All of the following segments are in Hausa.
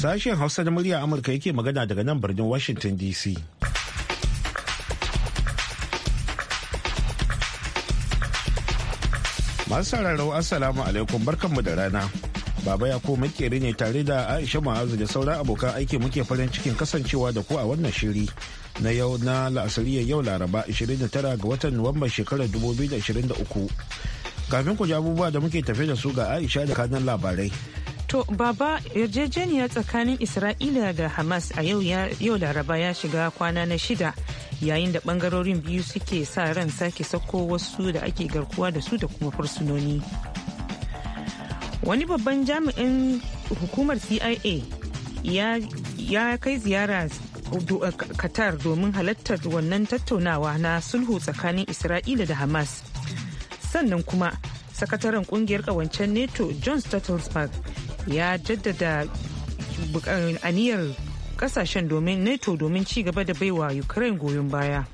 Sashen Hausa da murya Amurka yake magana daga nan birnin Washington DC. Masu sauraro Assalamu alaikum barkanmu da rana. Baba ya ko makeri ne tare da Aisha Ma'azu da sauran abokan aiki muke farin cikin kasancewa da ku a wannan shiri na yau na la'asariyar yau Laraba 29 ga watan Nuwamba shekarar 2023. Kafin ku ji abubuwa da muke tafe da su ga Aisha da kanan labarai. To baba yarjejeniya tsakanin Isra'ila da Hamas a yau yau laraba ya shiga kwana na shida yayin da bangarorin biyu suke sa ran sake sako wasu da ake garkuwa da su da kuma fursunoni. Wani babban jami'in hukumar CIA ya, kai ziyara Qatar domin halartar wannan tattaunawa na sulhu tsakanin Isra'ila da Hamas. Sannan kuma sakataren kungiyar kawancen NATO John Stoltenberg ya jaddada aniyar kasashen domin nato domin ci gaba da baiwa ukraine goyon baya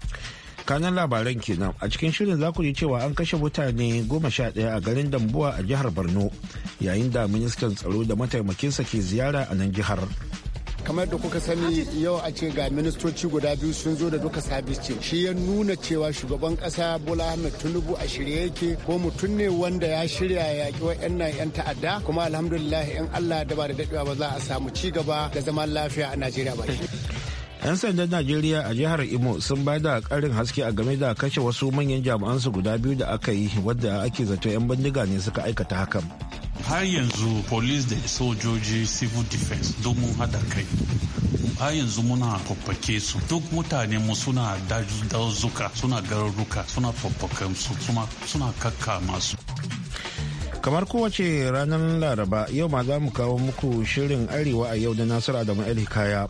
kanan labaran kenan a cikin shirin za ku ji cewa an kashe mutane goma sha ɗaya a garin dambuwa a jihar borno yayin da ministan tsaro da mataimakinsa ke ziyara a nan jihar kamar da kuka sani yau a ce ga ministoci guda biyu sun zo da duka sabis ce shi ya nuna cewa shugaban kasa bola ahmed tinubu a shirye yake ko mutum ne wanda ya shirya yaƙi wa 'yan ta'adda kuma alhamdulillah in allah da ba da daɗewa ba za a samu ci gaba da zaman lafiya a najeriya ba 'yan sandan najeriya a jihar imo sun ba da karin haske a game da kashe wasu manyan jami'ansu guda biyu da aka yi wadda ake zato 'yan bindiga ne suka aikata hakan har yanzu police da sojoji civil defense duk mun hada kai har yanzu muna faffake su duk mutane mu suna dazuka suna garuruka suna faffakan su suna kakka masu kamar kowace ranar laraba yau ma za mu kawo muku shirin arewa a yau da nasiru adamu kaya.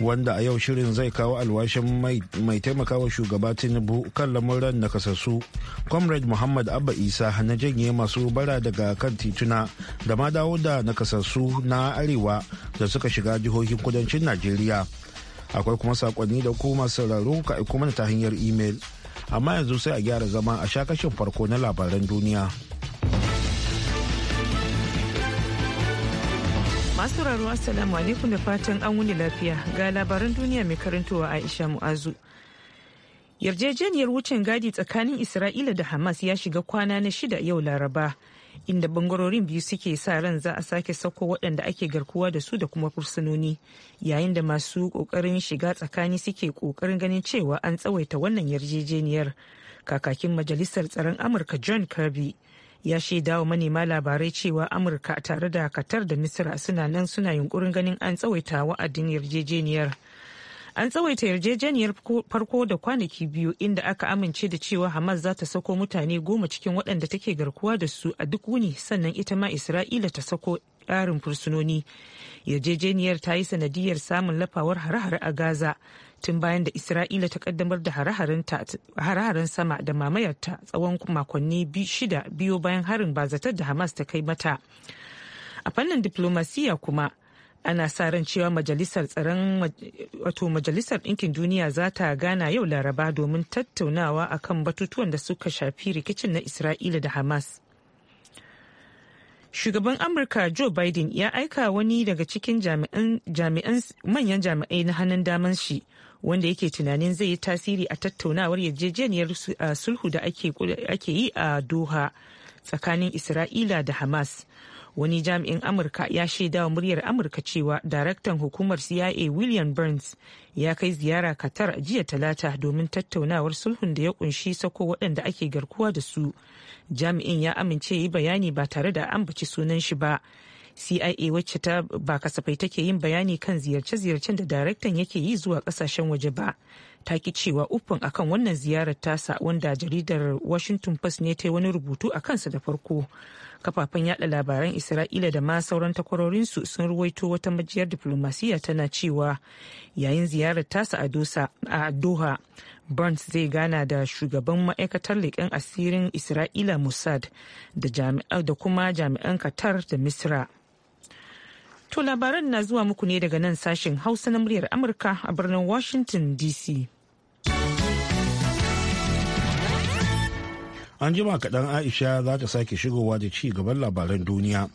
wanda a yau shirin zai kawo alwashin mai taimakawa shugaba tinubu kan lamuran nakasassu comrade muhammad abba isa na janye masu bara daga kan tituna da ma dawo da nakasassu na arewa da suka shiga jihohin kudancin najeriya akwai kuma sakonni da kuma sararu sauraro ka aiko mana ta hanyar imel amma yanzu sai a gyara zama a sha shakashin farko na labaran duniya. Masu sauraro Assalamu alaikum da fatan an wuni lafiya ga labaran duniya mai karantowa Aisha Mu'azu. Yarjejeniyar wucin gadi tsakanin Isra'ila da Hamas ya shiga kwana na shida yau Laraba, inda bangarorin biyu suke sa ran za a sake sauko waɗanda ake garkuwa da su da kuma fursunoni, yayin da masu ƙoƙarin shiga tsakani suke ƙoƙarin ganin cewa an tsawaita wannan yarjejeniyar. Kakakin Majalisar Tsaron Amurka John Kirby ya shaida wa manema labarai cewa amurka tare da katar da misira suna nan suna yunkurin ganin an tsawaita wa'adin yarjejeniyar an tsawaita yarjejeniyar farko da kwanaki biyu inda aka amince da cewa hamas za ta sako mutane goma cikin waɗanda take garkuwa da su a duk wuni sannan ita ma isra'ila ta sako ƙarin fursunoni yarjejeniyar ta yi sanadiyar samun lafawar hare-hare a gaza tun bayan da isra'ila ta kaddamar da hare sama da mamayarta tsawon makonni shida biyu bayan harin bazatar da hamas ta kai mata a fannin diplomasiya kuma ana sa ran cewa majalisar tsaron wato majalisar ɗinkin duniya za ta gana yau laraba domin tattaunawa a kan batutuwan da suka shafi rikicin na isra'ila da hamas shugaban amurka joe biden ya aika wani daga cikin manyan jami'ai na hannun daman shi wanda yake tunanin zai yi tasiri a tattaunawar yarjejeniyar sulhu da ake yi a doha tsakanin isra'ila da hamas wani jami'in amurka ya shaida wa muryar amurka cewa daraktan hukumar cia william burns ya kai ziyara qatar jiya talata domin tattaunawar sulhun da ya kunshi sako waɗanda ake garkuwa da su jami'in ya amince yi bayani ba tare da ambaci sunan shi ba cia wacce ta ba kasafai take yin bayani kan ziyarce-ziyarcen da daraktan yake yi zuwa kasashen waje ba ta ki cewa uffin akan wannan ziyarar tasa wanda jaridar washington post ne ta yi wani rubutu a kansa da farko kafafen yada labaran isra'ila da ma sauran takwarorinsu sun ruwaito wata majiyar diplomasiya tana cewa yayin ziyarar tasa a doha burns zai gana da shugaban ma'aikatar leƙen asirin isra'ila mossad da kuma jami'an qatar da misra To labaran na zuwa muku ne daga nan sashen Hausa na muryar Amurka a birnin Washington DC. An jima kaɗan Aisha za ta sake shigowa da ci gaban labaran duniya.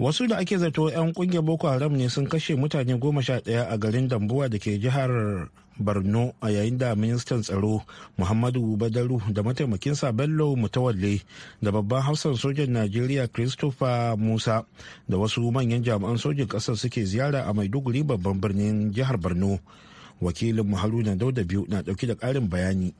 Wasu da ake zato 'yan ƙungiyar Boko Haram ne sun kashe mutane goma sha ɗaya a garin Dambuwa da ke jihar barno a yayin da ministan tsaro muhammadu badaru da mataimakinsa bello mutawalle da babban hafsan sojan najeriya christopher musa da wasu manyan jami'an sojin ƙasar suke ziyara a maiduguri babban birnin jihar barno wakilin haruna dauda biyu na dauki da karin bayani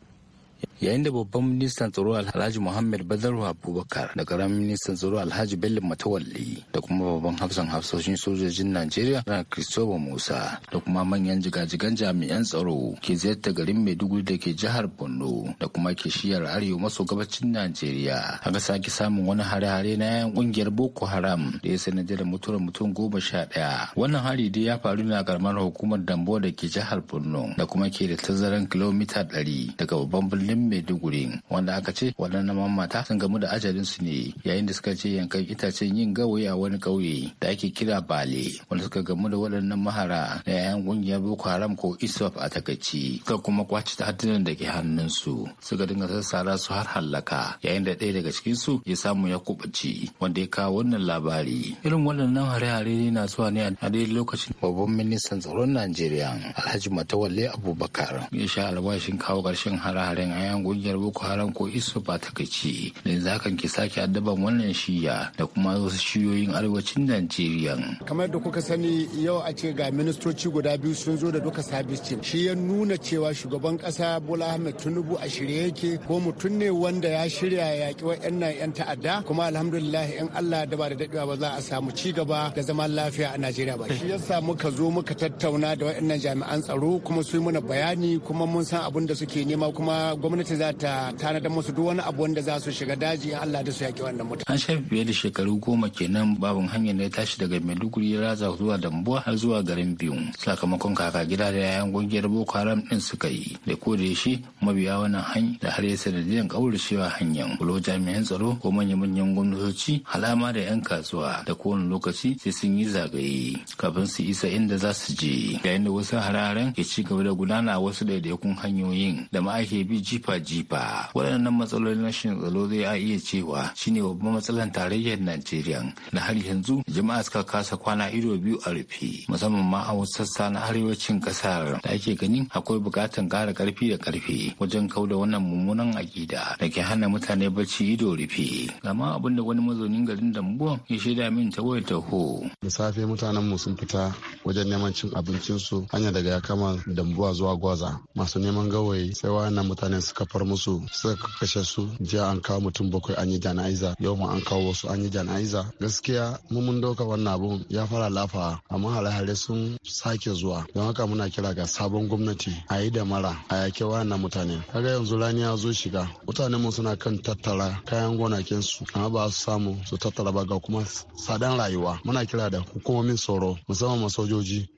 yayin da babban ministan tsaro alhaji muhammad badaru abubakar da karamin ministan tsaro alhaji bello matawalli da kuma babban hafsan hafsoshin sojojin najeriya na Christopher musa da kuma manyan jigajigan jami'an tsaro ke ziyarta garin maiduguri da ke jihar borno da kuma ke shiyar arewa maso gabacin najeriya aka sake samun wani hare-hare na yan kungiyar boko haram da ya sanadiyar mutuwar mutum goma sha ɗaya wannan hari dai ya faru na a karamar hukumar dambo da ke jihar borno da kuma ke da tazaran kilomita ɗari daga babban birnin birnin maiduguri wanda aka ce waɗannan mamata sun gamu da su ne yayin da suka ce yankan itacen yin gawayi a wani kauye. da ake kira bale wanda suka gamu da waɗannan mahara na yayan ƙungiyar boko haram ko iswap a takaici suka kuma kwace haddunan da ke hannunsu suka dinga sassara su har hallaka yayin da ɗaya daga cikin su. ya samu ya kubaci wanda ya kawo wannan labari irin waɗannan hare-hare na zuwa ne a daidai lokacin babban ministan tsaron najeriya alhaji matawalle abubakar ya sha albashin kawo ƙarshen hare-haren ayan kungiyar boko haram ko isu ba ta kaci da yanzu hakan ke sake addaban wannan shiya da kuma wasu shiyoyin arewacin najeriya kamar da kuka sani yau a ce ga ministoci guda biyu sun zo da duka sabis team shi ya nuna cewa shugaban kasa bola ahmed tinubu a shirye yake ko mutum ne wanda ya shirya yaƙi wa'annan 'yan ta'adda kuma alhamdulillah in allah da ba da daɗewa ba za a samu ci gaba da zaman lafiya a najeriya ba shi yasa muka zo muka tattauna da wa'annan jami'an tsaro kuma su yi mana bayani kuma mun san abin da suke nema kuma gwamnati za ta tanadar musu duk wani abu wanda za su shiga daji in Allah da su yaƙi wannan mutum. An shafe fiye da shekaru goma kenan babin hanyar da ya tashi daga Maiduguri ya ratsa zuwa Dambuwa har zuwa garin biyu sakamakon kaka gida da yayan gungiyar Boko Haram din suka yi da ko da yaushe mabiya wannan hanyar. da har ya sanadiyan kauracewa hanyar kulo jami'an tsaro ko manya-manyan gwamnatoci halama da 'yan kasuwa da kowane lokaci sai sun yi zagaye kafin su isa inda za su je yayin da wasu hararen ke ci gaba da gudana wasu daidaikun hanyoyin da ma ake bi jifa-jifa waɗannan matsalolin rashin tsaro zai a iya cewa shine babban matsalar tarayyar najeriya da har yanzu jama'a suka kasa kwana ido biyu a rufe musamman ma a wasu sassa na arewacin ƙasar da ake gani akwai bukatan ƙara ƙarfi da ƙarfi wajen kauda wannan mummunan aƙida da ke hana mutane bacci ido rufe amma abin da wani mazaunin garin dambuwa ya shaida min ta wayar taho da safe mutanen mu sun fita wajen neman cin abincinsu hanya daga ya kama dambuwa zuwa gwaza masu neman gawayi sai wa'annan mutane nan suka far musu suka kashe su jiya an kawo mutum bakwai an yi janaiza yau ma an kawo wasu an yi janaiza gaskiya mu mun dauka wannan abun ya fara lafa amma hare-hare sun sake zuwa don haka muna kira ga sabon gwamnati a yi da mara a yake wayannan mutane kaga yanzu rani ya zo shiga mutanen mu suna kan tattara kayan gonakin su amma ba su samu su tattara ba ga kuma sadan rayuwa muna kira da hukumomin tsaro musamman sojoji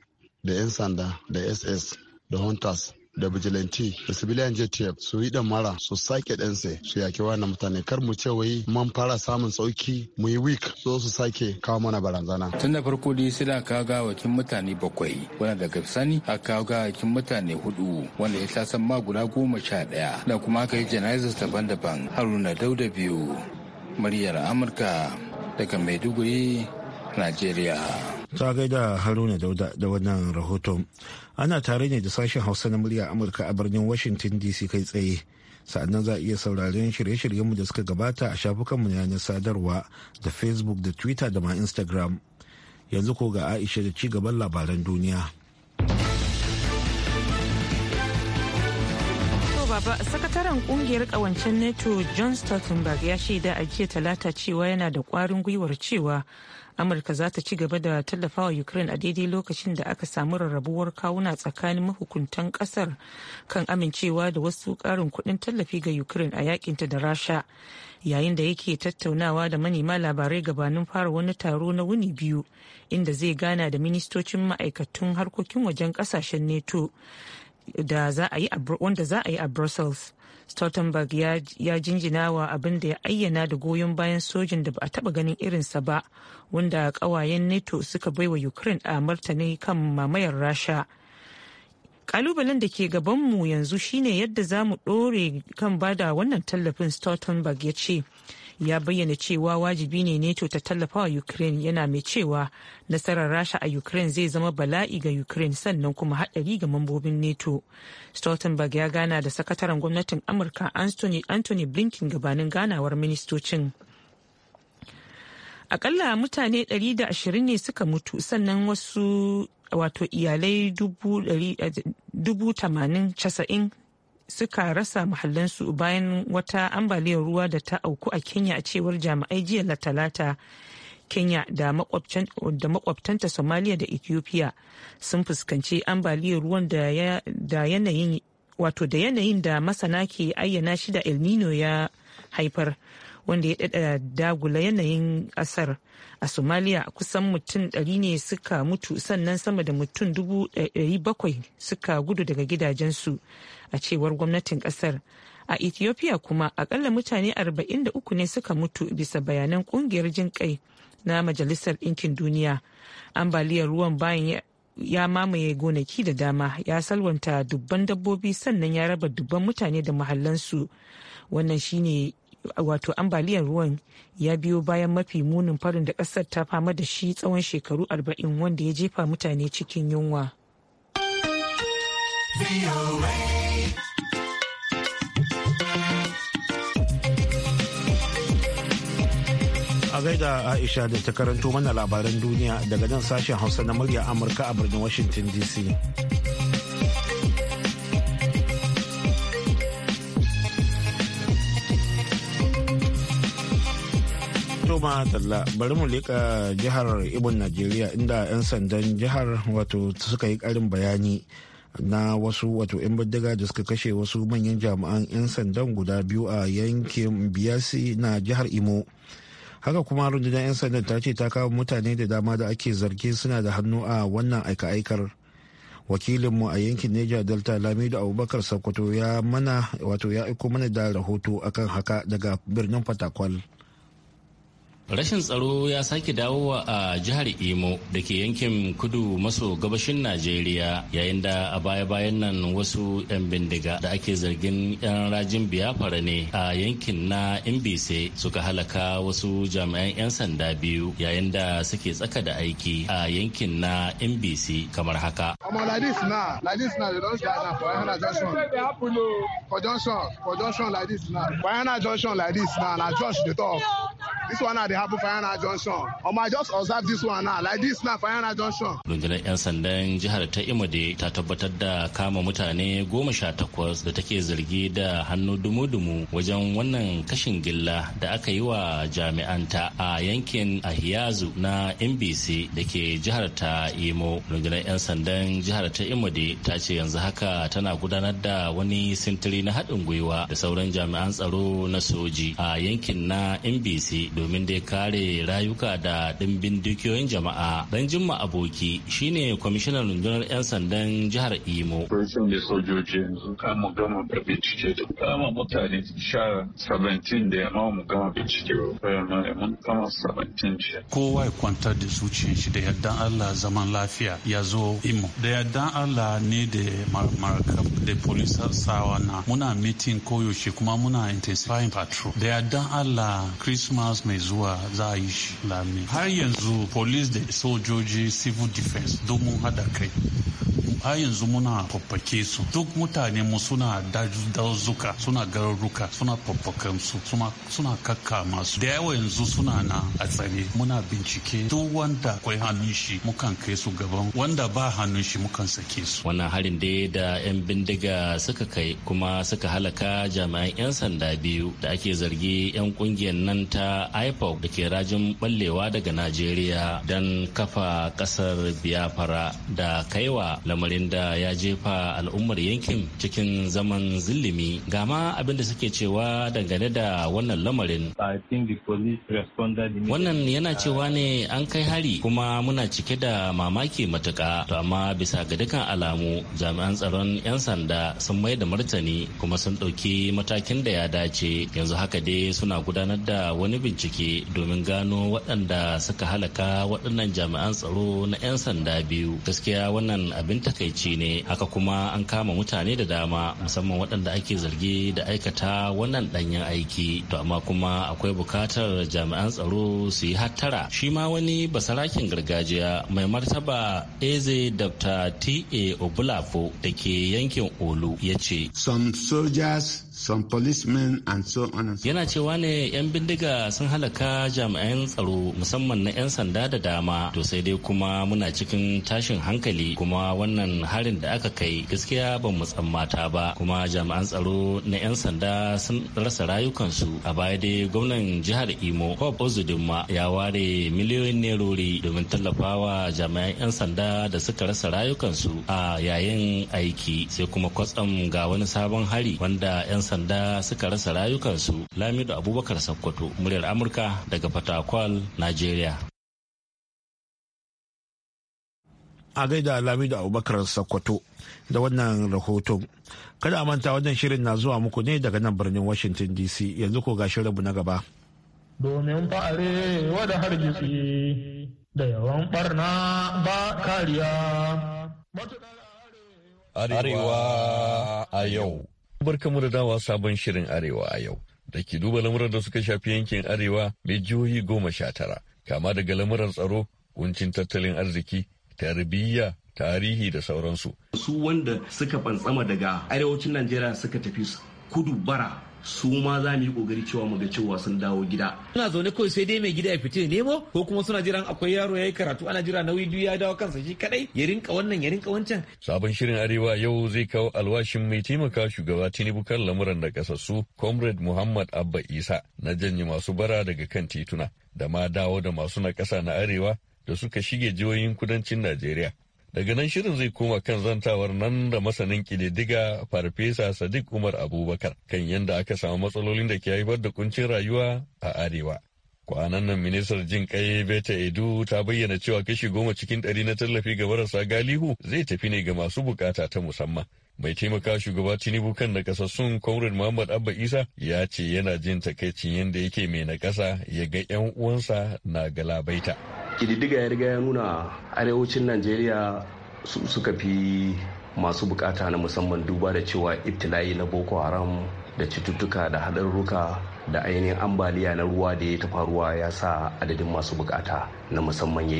da 'yan sanda da ss da hunters da bijilanti da civilian jtf su yi dan mara su sake ɗansa su yaki wannan mutane kar mu ce wai man fara samun sauki mu yi week so su sake kawo mana barazana. tun da farko dai sai da kawo gawakin mutane bakwai wanda daga sani a kawo gawakin mutane hudu wanda ya tasan ma guda goma sha ɗaya da kuma aka yi jana'izar daban-daban haruna dauda biyu muryar amurka daga maiduguri najeriya. ta gaida haruna dauda da wannan rahoton ana tare ne da sashen hausa na murya amurka a birnin washington dc kai tsaye sa'annan za a iya sauraren shirye-shiryenmu da suka gabata a shafukanmu na yanar sadarwa da facebook da twitter da ma instagram yanzu ko ga aisha da ci gaban labaran duniya baba sakataren kungiyar kawancen nato john stoltenberg ya shaida a jiya talata cewa yana da kwarin gwiwar cewa amurka za ta ci gaba da tallafawa ukraine a daidai lokacin da aka samu rarrabuwar kawuna tsakanin mahukuntan kasar kan amincewa da wasu karin kudin tallafi ga ukraine a yakinta da rasha yayin da yake tattaunawa da manema labarai gabanin fara wani taro na wuni biyu inda zai gana da ministocin ma'aikatun harkokin wajen kasashen neto wanda za a yi a brussels stoltenberg ya jinjina wa abin da ya ayyana da goyon bayan sojin da ba a taba ganin irinsa ba wanda kawayen nato suka baiwa ukraine a martani kan mamayar rasha kalubalen da ke gabanmu yanzu shine yadda za mu dore kan bada wannan tallafin stoltenberg ya ce ya bayyana cewa wajibi ne neto ta tallafa wa ukraine yana mai cewa nasarar rasha a ukraine zai zama bala'i ga ukraine sannan kuma haɗari ga mambobin neto stoltenberg ya gana da sakataren gwamnatin amurka anthony blinken gabanin ganawar ministocin akalla mutane 120 ne suka mutu sannan wasu wato iyalai dubu eh, tamanin suka rasa mahallansu bayan wata ambaliyar ruwa da ta auku a kenya a cewar jami'ai jiya talata kenya da makwabtanta somalia da ethiopia sun fuskanci ambaliyar ruwan da yanayin wato da yanayin da masana ke ayyana shi da el ya haifar wanda ya dada dagula yanayin kasar a somalia kusan mutum 100 ne suka mutu sannan sama da mutum 700 suka gudu daga gidajensu a cewar gwamnatin kasar a ethiopia kuma akalla mutane 43 ne suka mutu bisa bayanan kungiyar jin kai na majalisar ɗinkin duniya ambaliyar ruwan bayan ya mamaye gonaki da dama ya salwanta dubban dabbobi sannan ya raba dubban mutane da mahallansu wannan shine wato ambaliyar ruwan ya biyo bayan mafi munin farin da kasar ta fama da shi tsawon shekaru 40 wanda ya jefa mutane cikin yunwa. A gaida Aisha da ta karanto mana labaran duniya daga nan sashen Hausa na murya Amurka a birnin Washington DC. to ma talla bari mu leka jihar Ibon Najeriya inda 'yan sandan jihar wato suka yi karin bayani na wasu wato 'yan bindiga da suka kashe wasu manyan jami'an 'yan sandan guda biyu a yankin biyasi na jihar Imo. haka kuma rundunar 'yan sandan ta ce ta kawo mutane da dama da ake zargi suna da hannu a wannan aika-aikar wakilinmu a yankin neja delta lamidu abubakar sokoto ya mana wato ya aiko mana da rahoto akan haka daga birnin fatakwal. Rashin tsaro ya sake dawowa a jihar Imo da ke yankin kudu maso gabashin Najeriya yayin da a baya-bayan nan wasu 'yan bindiga da ake zargin 'yan rajin biyafara ne a yankin na Imbise suka halaka wasu jami'an 'yan sanda biyu yayin da suke tsaka da aiki a yankin na Imbise kamar haka. This one dey happen for Junction. Um, I just observe this one now, like this now for Junction. Rundunar 'yan sandan jihar ta Imode ta tabbatar da kama mutane goma sha takwas da take zargi da hannu dumu-dumu wajen wannan kashin gilla da aka yi wa jami'anta a yankin Ahiyazu na NBC da ke jihar ta Imo. Rundunar 'yan sandan jihar ta Imode ta ce yanzu haka tana gudanar da wani sintiri na haɗin gwiwa da sauran jami'an tsaro na soji a yankin na NBC domin dai kare rayuka da ɗimbin dukiyoyin jama'a Danjimma Aboki shine kwamishinan rundunar 'yan sandan jihar Imo. Sun da sojoji yanzu kama gama da bincike da kama mutane sha 17 da yamma mu gama bincike ba mun kama 17 jiya. Kowa ya kwantar da zuciyar shi da yardan Allah zaman lafiya ya zo Imo. Da yardan Allah ne da marakab da polisar sawa na muna mitin koyaushe kuma muna intensifying patrol. Da yardan Allah Christmas mai zuwa za a yi shi lami har yanzu police da sojoji civil defense domin hada kai har yanzu muna faffake su duk mutane mu suna dazuka suna garuruka suna faffakan su suna kakka masu da yawa yanzu suna na a tsare muna bincike duk wanda akwai hannun shi mukan kai su gaban wanda ba hannun shi mukan sake su wannan harin da da yan bindiga suka kai kuma suka halaka jami'an yan sanda biyu da ake zargi yan kungiyar nan ta ipoc da ke rajin ballewa daga najeriya don kafa kasar biyafara da kaiwa lamarin lamarin da ya jefa al'ummar yankin cikin zaman zillimi ga ma abin da suke cewa dangane da wannan lamarin wannan yana cewa ne an kai hari kuma muna cike da mamaki matuka to amma bisa ga dukkan alamu jami'an tsaron 'yan sanda sun mai da martani kuma sun ɗauki matakin da ya dace yanzu haka dai suna gudanar da wani bincike domin gano waɗanda suka halaka waɗannan jami'an tsaro na 'yan sanda biyu gaskiya wannan abin takaici ne haka kuma an kama mutane da dama musamman waɗanda ake zargi da aikata wannan ɗanyen aiki to amma kuma akwai bukatar jami'an tsaro su yi hattara shi ma wani basarakin gargajiya mai martaba eze dr ta obulafo da ke yankin olu ya ce yana cewa ne 'yan bindiga sun halaka jami'an tsaro musamman na 'yan sanda da dama to sai dai kuma muna cikin tashin hankali kuma wannan wannan harin da aka kai gaskiya ban mu tsammata ba kuma jami'an tsaro na 'yan sanda sun rasa rayukansu a baya dai gwamnan jihar imo hob ozudinma ya ware miliyoyin nerori domin tallafawa jami'an 'yan sanda da suka rasa rayukansu a yayin aiki sai kuma kwatsam ga wani sabon hari wanda 'yan sanda suka rasa rayukansu Lamidu abubakar sakkwato muryar amurka daga fatakwal nigeria a gaida lamido abubakar sakwato da wannan rahoton kada a manta wannan shirin na zuwa muku ne daga nan birnin washington dc yanzu ko ga shirinmu na gaba domin fa'are wada hargitsi da yawan barna ba kariya arewa a yau barkamu da dawa sabon shirin arewa a yau da ke duba lamuran da suka shafi yankin arewa mai jihohi goma sha tara kama daga lamurar tsaro kuncin tattalin arziki tarbiyya tarihi da sauransu su wanda suka fantsama daga arewacin najeriya suka tafi kudu bara su ma za mu yi kokari cewa mu ga cewa sun dawo gida. Suna zaune kawai sai dai mai gida ya fita ya nemo ko kuma suna jiran akwai yaro ya yi karatu ana jira nauyi duk ya dawo kansa shi kadai ya rinka wannan ya rinka wancan. Sabon shirin Arewa yau zai kawo alwashin mai taimaka shugaba Tinubu kan lamuran da kasassu Comrade Muhammad Abba Isa na janye masu bara daga kan tituna da ma dawo da masu na ƙasa na Arewa da suka shige jihohin kudancin Najeriya. Daga nan shirin zai koma kan zantawar nan da masanin kididdiga Farfesa Sadiq Umar Abubakar kan yadda aka samu matsalolin da ke haifar da kuncin rayuwa a Arewa. Kwanan nan ministar jin kai Beta Edu ta bayyana cewa kashi goma cikin ɗari na tallafi ga marasa galihu zai tafi ne ga masu bukata ta musamman. mai taimaka shugaba tinubu kan nakasassun comrade muhammad abba isa ya ce yana jin takaicin yadda yake mai nakasa ya ga yan uwansa na galabaita kididdiga ya riga ya nuna arewacin najeriya su suka fi masu bukata na musamman duba da cewa ibtila'i na boko haram da cututtuka da haɗarruka da ainihin ambaliya na ruwa da ya ta faruwa ya sa adadin masu bukata na musamman ya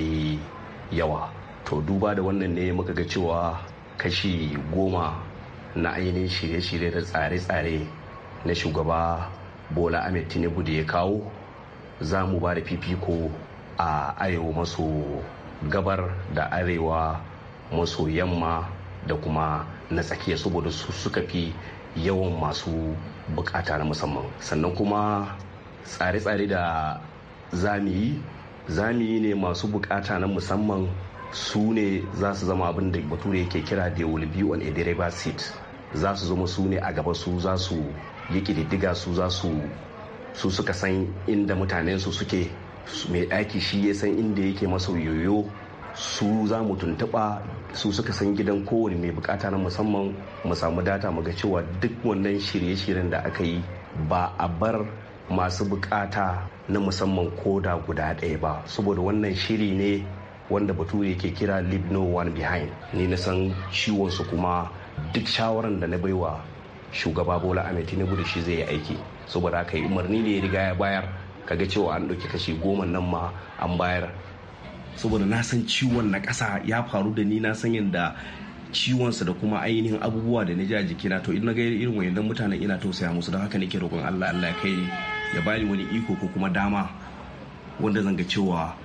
yawa to duba da wannan ne muka ga cewa kashi goma na ainihin shirye-shirye da tsare-tsare na shugaba bola ahmed tinubu da ya kawo za mu ba da fifiko a arewa maso gabar da arewa maso yamma da kuma na tsakiya saboda su suka fi yawan masu bukata na musamman sannan kuma tsare-tsare da zamiyi zamiyi ne masu bukata na musamman su ne za su zama abin da bature yake kira they will be on a driver seat za su zama su ne a gaba su za su yi kididdiga su za su su suka san inda mutanen su suke mai ɗaki shi ya san inda yake masa yoyo su za mu tuntuɓa su suka san gidan kowane mai bukata na musamman mu samu data mu ga cewa duk wannan shirye-shiryen da aka yi ba a bar masu bukata na musamman koda guda ɗaya ba saboda wannan shiri ne wanda bature ke kira leave no one behind ni na san ciwon su kuma duk shawaran da na baiwa shugaba bola ahmed tinubu da shi zai yi aiki saboda haka yi umarni ne ya riga ya bayar ka ga cewa an ɗauki kashi goma nan ma an bayar saboda na san ciwon na ƙasa ya faru da ni na san yadda ciwonsa da kuma ainihin abubuwa da na ji a jikina to in na ga irin wayannan mutanen ina tausaya musu don haka nake roƙon Allah Allah ya kai ya bani wani iko ko kuma dama wanda zan ga cewa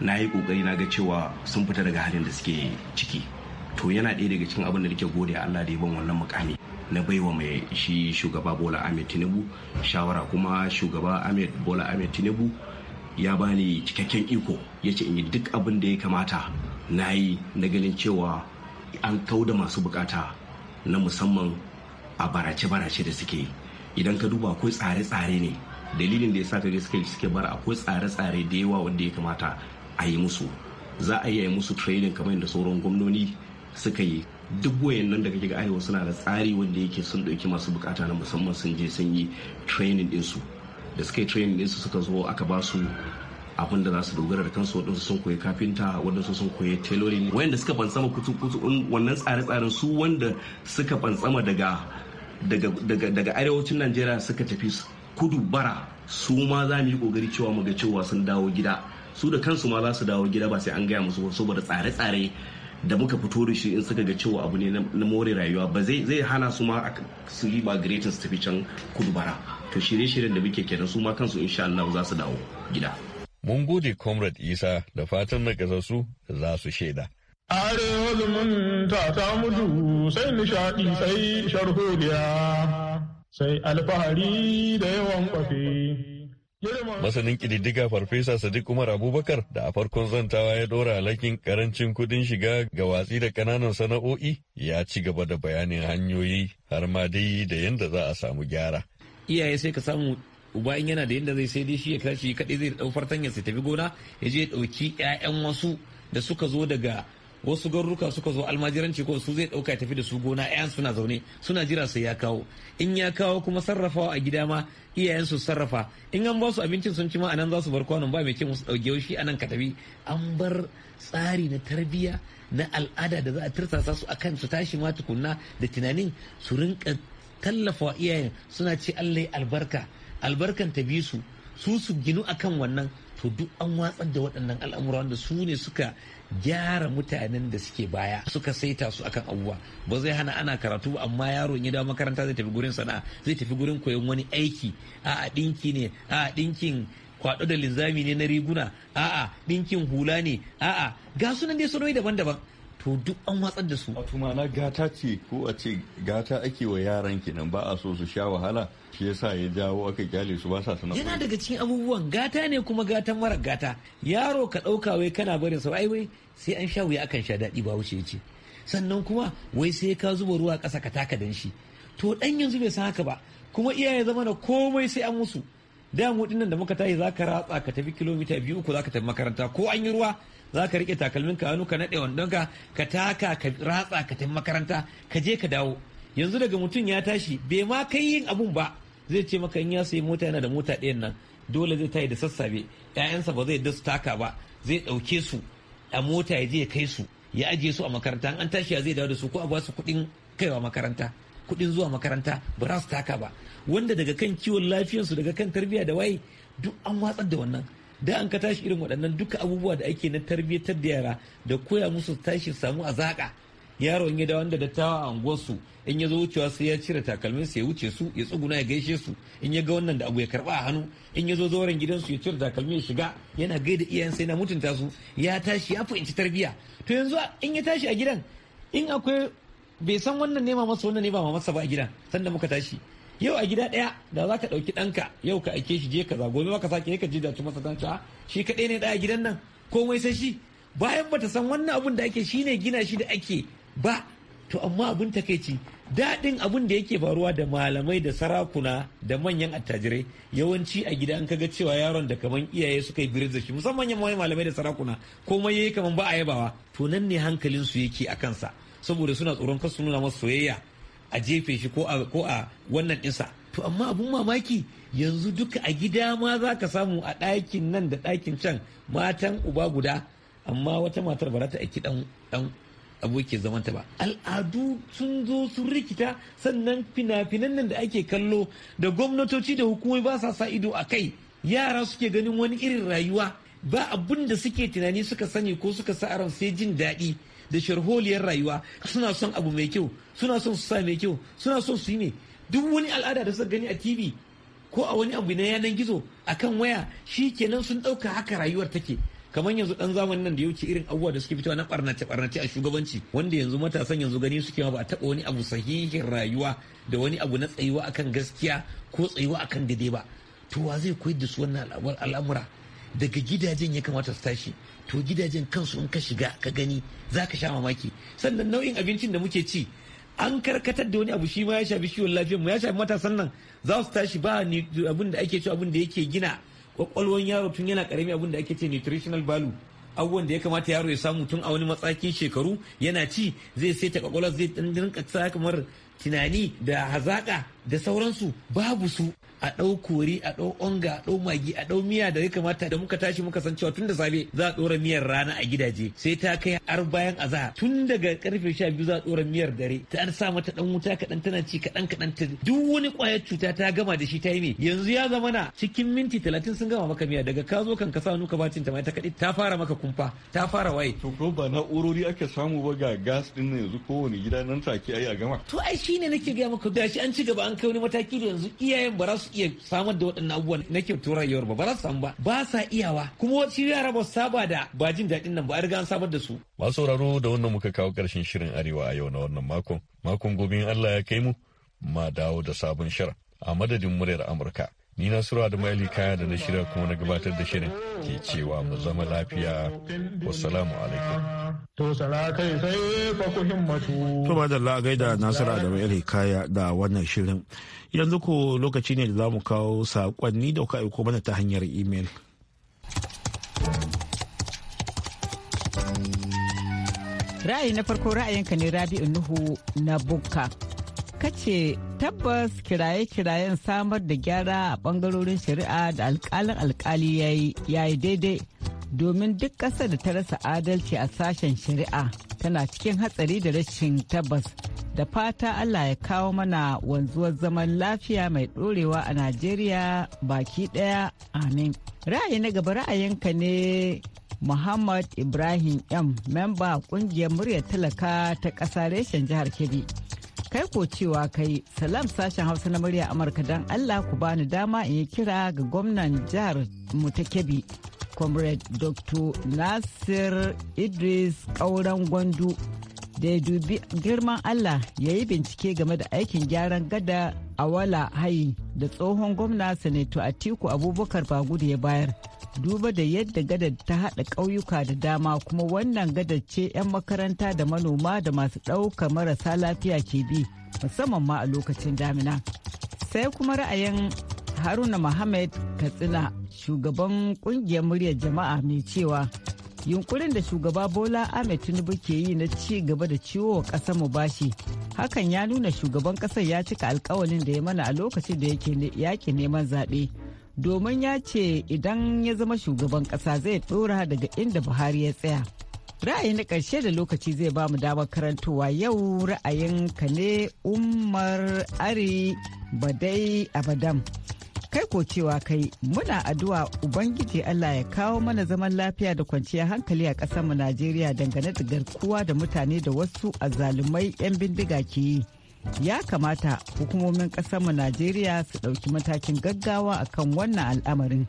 na yi kokari na ga cewa sun fita daga halin da suke ciki to yana ɗaya daga cikin abin da nake gode Allah da ya ban wannan mukami na baiwa mai shi shugaba Bola Ahmed Tinubu shawara kuma shugaba Ahmed Bola Ahmed Tinubu ya bani cikakken iko ya ce in yi duk abin da ya kamata na yi na ganin cewa an kau da masu bukata na musamman a barace-barace da suke idan ka duba akwai tsare-tsare ne dalilin da ya sa kaga suke suke bara akwai tsare-tsare da yawa wanda ya kamata a yi musu za a yi musu training kamar yadda sauran gwamnoni suka yi duk wayannan da kake ga arewa suna da tsari wanda yake sun ɗauki masu bukata na musamman sun je sun yi training ɗinsu da suka yi training ɗinsu suka zo aka ba su abin da za su dogara da kansu waɗansu sun koyi kafinta waɗansu sun koyi tailoring wayanda suka bantsama kutu kutu wannan tsare-tsaren su wanda suka bantsama daga daga arewacin najeriya suka tafi kudu bara su ma za mu yi kokari cewa mu ga cewa sun dawo gida su da kansu ma za su dawo gida ba sai an gaya musu saboda tsare-tsare da muka fito da shi in suka ga cewa abu ne na more rayuwa ba zai hana su ma su yi migrating su tafi can kudu bara to shirye-shiryen da muke kenan su ma kansu insha Allah za su dawo gida mun gode comrade Isa da fatan na su za su shaida are mun ta ta mudu sai nishadi sai sharhoriya sai alfahari da yawan kwafe Masanin ƙididdiga Farfesa Sadiq Umar Abubakar da a farkon zantawa ya ɗora alakin ƙarancin kuɗin shiga ga watsi da ƙananan sana'o'i ya ci gaba da bayanin hanyoyi har ma dai da yadda za a samu gyara. Iyaye sai ka samu uba in yana da yadda zai sai dai shi ya kashi kaɗai zai ɗau fartanya sai tafi gona ya je ya ɗauki 'ya'yan wasu da suka zo daga wasu garuruka suka zo almajiranci ko su zai dauka tafi da su gona ayan suna zaune suna jira sai ya kawo in ya kawo kuma sarrafawa a gida ma iyayen su sarrafa in an ba su abincin sun ci ma anan za su bar kwanon ba mai ce musu dauke shi anan ka tafi an bar tsari na tarbiyya na al'ada da za a tirsasa su akan su tashi ma tukunna da tunanin su rinka tallafawa iyayen suna ce Allah albarka albarkan ta bi su su su ginu akan wannan to duk an watsar da waɗannan al'amura wanda su ne suka gyara mutanen da suke baya suka saita su akan abubuwa ba zai hana ana karatu amma yaron ya dawo makaranta zai tafi gurin sana'a zai tafi gurin koyon wani aiki a'a dinki ne a dinkin kwado da linzami ne na riguna a'a dinkin hula ne a'a ga sunan dai sunoyi daban-daban to duk an watsar da su wato gata ce ko a ce gata ake wa yaran kenan ba a so su sha wahala shi yasa ya jawo aka kyale su ba sa yana daga cikin abubuwan gata ne kuma gatan mara gata yaro ka ɗauka wai kana barin sa wai sai an sha wuya akan sha daɗi ba wuce ce sannan kuma wai sai ka zuba ruwa kasa ka taka dan shi to dan yanzu bai san haka ba kuma iyaye zama da komai sai an musu da mu nan da muka tashi zaka ratsa ka tafi kilomita biyu uku zaka tafi makaranta ko an yi ruwa za ka rike takalmin ka hannu ka nade wandonka ka taka ka ratsa ka tafi makaranta ka je ka dawo yanzu daga mutum ya tashi bai ma kai yin abun ba zai ce maka in ya sayi mota yana da mota ɗayan nan dole zai tayi da sassabe ƴaƴansa ba zai dasu taka ba zai ɗauke su a mota ya je ya kai su ya ajiye su a makaranta an tashi ya zai dawo da su ko a ba su kuɗin kaiwa makaranta kuɗin zuwa makaranta ba za su taka ba wanda daga kan kiwon lafiyarsu daga kan tarbiyya da waye duk an watsar da wannan da an ka tashi irin waɗannan duka abubuwa da ake na tarbiyyatar da yara da koya musu tashi samu a zaƙa yaro in ya dawo da dattawa a unguwarsu in ya zo wucewa sai ya cire takalmin ya wuce su ya tsuguna ya gaishe su in ya ga wannan da abu ya karba a hannu in ya zo zauren gidansu ya cire takalmin ya shiga yana gaida iyayen sai na mutunta su ya tashi ya fahimci tarbiyya to yanzu in ya tashi a gidan in akwai bai san wannan nema masa wannan nema masa ba a gidan sanda muka tashi yau a gida ɗaya da za ka ɗauki danka yau ka aike shi je ka za gobe maka sake ka je da masa dan ta shi kaɗai ne a gidan nan komai sai shi bayan bata san wannan abun da ake shine gina shi da ake ba to amma abun takeici daɗin abun da yake faruwa da malamai da sarakuna da manyan attajirai yawanci a gida an kaga cewa yaron da kaman iyaye suka yi birin shi musamman manyan malamai da sarakuna komai yayi kaman ba a yabawa to nan ne hankalin su yake a kansa saboda suna tsoron kasu su nuna masa soyayya a jefe shi ko a wannan ɗinsa to amma abun mamaki yanzu duka a gida ma za ka samu a ɗakin nan da ɗakin can matan uba guda amma wata matar ba za ta aiki ɗan abokin zamanta ba al'adu sun zo sun rikita sannan fina-finan nan da ake kallo da gwamnatoci da hukumomi ba sa sa ido a kai yara suke ganin wani irin rayuwa ba abun da suke tunani suka sani ko suka sa aron sai jin daɗi da sharholiyar rayuwa suna son abu mai kyau suna son su sa mai kyau suna son su yi ne duk wani al'ada da suka gani a tv ko a wani abu na yanar gizo a kan waya shi kenan sun ɗauka haka rayuwar take kamar yanzu ɗan zamani nan da ya wuce irin abubuwa da suke fitowa na barnace barnace a shugabanci wanda yanzu matasan yanzu gani suke ma ba a taɓa wani abu sahihin rayuwa da wani abu na tsayuwa akan gaskiya ko tsayuwa akan dade ba to wa zai koyar da su wannan al'amura daga gidajen ya kamata su tashi to gidajen kansu in ka shiga ka gani za ka sha mamaki sannan nau'in abincin da muke ci an karkatar da wani abu shi ma ya shafi kiwon lafiyar mu ya shafi matasan nan za su tashi ba ni abin da ake ci abin da yake gina kwakwalwan yaro tun yana karami abin da ake ce nutritional value abubuwan da ya kamata yaro ya samu tun a wani matsakin shekaru yana ci zai sai ta kwakwalwa zai dan rinka kamar tunani da hazaka da sauransu babu su a ɗau kori a ɗau onga a ɗau magi a ɗau miya da ya kamata da muka tashi muka san cewa tun da safe za a ɗora miyar rana a gidaje sai ta kai har bayan azahar tun daga karfe sha biyu za a ɗora miyar dare ta an sa mata ɗan wuta kaɗan tana ci kaɗan kaɗan ta duk wani ƙwayar cuta ta gama da shi ta yi yanzu ya zama na cikin minti talatin sun gama maka miya daga ka zo kan ka sa nuka bacin ta ta kaɗi ta fara maka kumfa ta fara waye. to ko ba na'urori ake samu ba ga gas ɗin yanzu kowane gida nan take ayi a gama. to ai shine nake gaya maka da shi an ci gaba an kai wani mataki da yanzu iyayen ba za su iya samar da waɗannan abubuwan na kyautar rayuwar ba ba za su samu ba ba sa iyawa kuma wasu yara ba su saba da ba jin daɗin nan ba a riga an samar da su. masu sauraro da wannan muka kawo ƙarshen shirin arewa a yau na wannan makon makon gobe Allah ya kai mu ma dawo da sabon shirin a madadin muryar Amurka. Ni na da Maili kaya da na shirya kuma na gabatar da shirin ke cewa mu zama lafiya. salamu alaikum. To sai fakuhin ku To ba da gaida Nasira da Maili kaya da wannan shirin. Yanzu ko lokaci ne da za mu kawo sakonni da kuka aiko mana ta hanyar imel. Ra'ayi na farko ra'ayinka ne Rabi'u Nuhu na Bukka. kace tabbas kiraye-kirayen samar da gyara a bangarorin shari'a da alkalin alkali ya yi daidai domin duk ƙasar da ta rasa adalci a sashen shari'a tana cikin hatsari da rashin tabbas da fata allah ya kawo mana wanzuwar zaman lafiya mai ɗorewa a najeriya baki ɗaya amin ra'ayi na gaba ra'ayinka ne muhammad ibrahim m memba ƙungiyar muryar talaka ta ƙasa reshen jihar kebbi kai ko cewa kai salam sashen hausa na murya amurka don allah ku bani dama in yi kira ga gwamnan jihar mu ta kebi comrade dr nasir idris kauran gwandu da ya dubi girman allah ya yi bincike game da aikin gyaran gada awala hayi da tsohon gwamna sanato atiku abubakar bagudu ya bayar duba da yadda gadar ta haɗa ƙauyuka da dama kuma wannan gadar ce 'yan makaranta da manoma da masu ɗaukar marasa lafiya ke bi musamman ma a lokacin damina sai kuma ra'ayin haruna muhammad katsina shugaban ƙungiyar muryar jama'a mai cewa yunkurin da shugaba bola ahmed tinubu ke yi na ci gaba da ciwo wa ƙasar mu bashi hakan ya nuna shugaban ƙasar ya cika alkawalin da ya mana a lokacin da yake neman zaɓe domin ya ce idan ya zama shugaban ƙasa zai ɗora daga inda buhari ya tsaya ra'ayi na ƙarshe da lokaci zai ba mu damar karantowa yau ra'ayin ka ne umar ari badai abadam kai ko cewa kai muna addu'a ubangiji Allah ya kawo mana zaman lafiya da kwanciyar hankali a ƙasarmu Najeriya dangane da garkuwa da mutane da wasu azzalumai 'yan bindiga ke yi. Ya kamata hukumomin ƙasarmu Najeriya su ɗauki matakin gaggawa akan wannan al'amarin.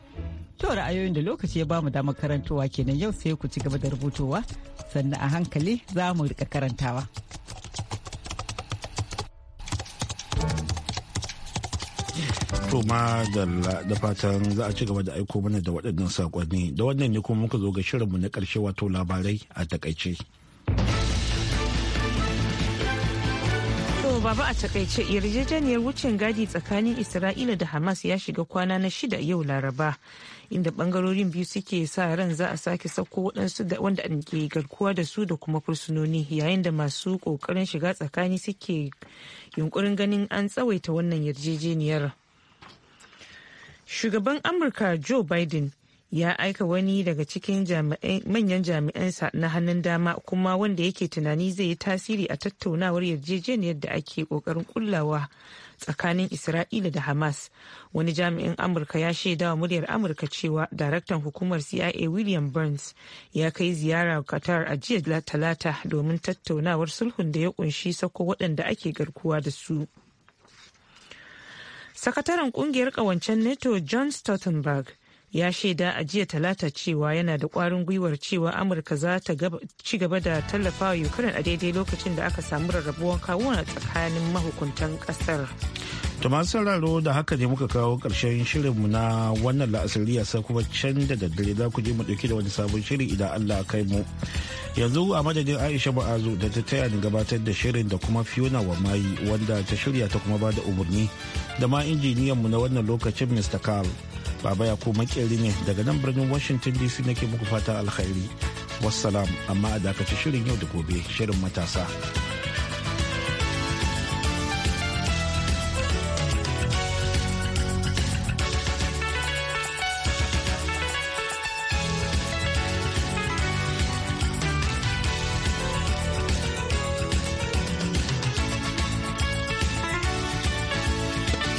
To ra'ayoyin da lokaci ya bamu damar karantowa kenan yau sai ku ci gaba da rubutowa sannan a hankali za mu rika karantawa. To ma da fatan za a ci gaba da aiko mana da waɗannan saƙonni. Da wannan ne kuma muka zo ga shirinmu na ƙarshe wato labarai a takaice. baba a takaice yarjejeniyar wucin gadi tsakanin isra'ila da hamas ya shiga kwana na shida yau laraba inda bangarorin biyu suke sa ran za a sake sauko waɗansu da wanda ke garkuwa da su da kuma fursunoni yayin da masu ƙoƙarin shiga tsakani suke yunkurin ganin an tsawaita wannan yarjejeniyar shugaban amurka joe biden ya aika wani daga cikin manyan jami'ansa na hannun dama kuma wanda yake tunani zai yi tasiri a tattaunawar yarjejeniyar da ake kokarin kullawa tsakanin isra'ila da hamas wani jami'in amurka ya shaidawa muryar amurka cewa daraktan hukumar cia william burns ya kai ziyara qatar a jiya talata domin tattaunawar sulhun da ya kunshi sako waɗanda ake garkuwa da su. sakataren kungiyar kawancen nato john stoltenberg ya shaida a jiya talata cewa yana da kwarin gwiwar cewa amurka za ta ci gaba da tallafawa ukraine a daidai lokacin da aka samu rarrabuwan a tsakanin mahukuntan kasar to masu sauraro da haka ne muka kawo karshen shirinmu na wannan la'asariya sai kuma can da daddare za ku je mu dauki da wani sabon shiri idan allah kai mu yanzu a madadin aisha ba'azu da ta taya ni gabatar da shirin da kuma fiona wa mayi wanda ta shirya ta kuma ba da umarni da ma injiniyanmu na wannan lokacin mr carl Baba ya ko makeri ne daga nan birnin Washington DC nake muku fata alkhairi. Wassalam amma a dakaci shirin yau da gobe shirin matasa.